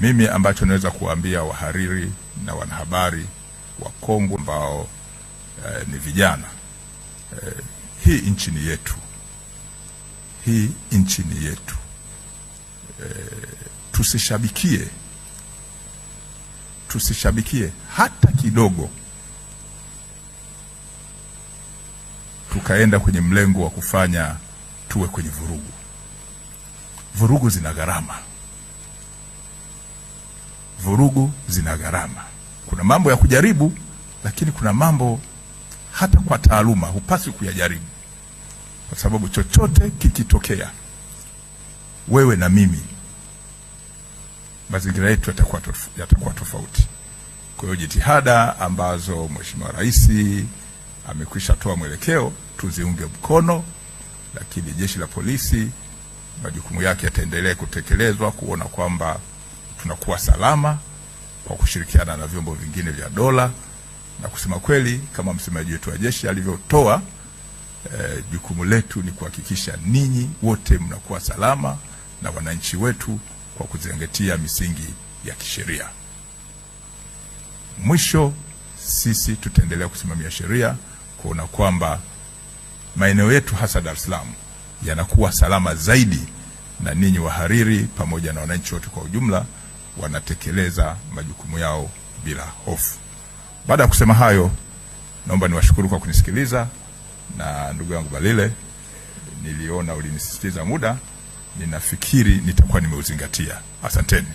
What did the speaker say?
Mimi ambacho naweza kuwaambia wahariri na wanahabari wakongwe ambao eh, ni vijana eh, hii nchi ni yetu, hii nchi ni yetu eh, tusishabikie tusishabikie hata kidogo, tukaenda kwenye mlengo wa kufanya tuwe kwenye vurugu. Vurugu zina gharama vurugu zina gharama. Kuna mambo ya kujaribu, lakini kuna mambo hata kwa taaluma hupasi kuyajaribu, kwa sababu chochote kikitokea, wewe na mimi, mazingira yetu yatakuwa yatakuwa tofauti. Kwa hiyo jitihada ambazo Mheshimiwa Rais amekwisha toa mwelekeo tuziunge mkono, lakini jeshi la polisi majukumu yake yataendelea kutekelezwa kuona kwamba tunakuwa salama kwa kushirikiana na vyombo vingine vya dola, na kusema kweli, kama msemaji wetu wa jeshi alivyotoa, eh, jukumu letu ni kuhakikisha ninyi wote mnakuwa salama na wananchi wetu kwa kuzingatia misingi ya kisheria. Mwisho, sisi tutaendelea kusimamia sheria kuona kwamba maeneo yetu hasa Dar es Salaam yanakuwa salama zaidi, na ninyi wahariri pamoja na wananchi wote kwa ujumla wanatekeleza majukumu yao bila hofu. Baada ya kusema hayo, naomba niwashukuru kwa kunisikiliza, na ndugu yangu Balile, niliona ulinisisitiza muda, ninafikiri nitakuwa nimeuzingatia. Asanteni.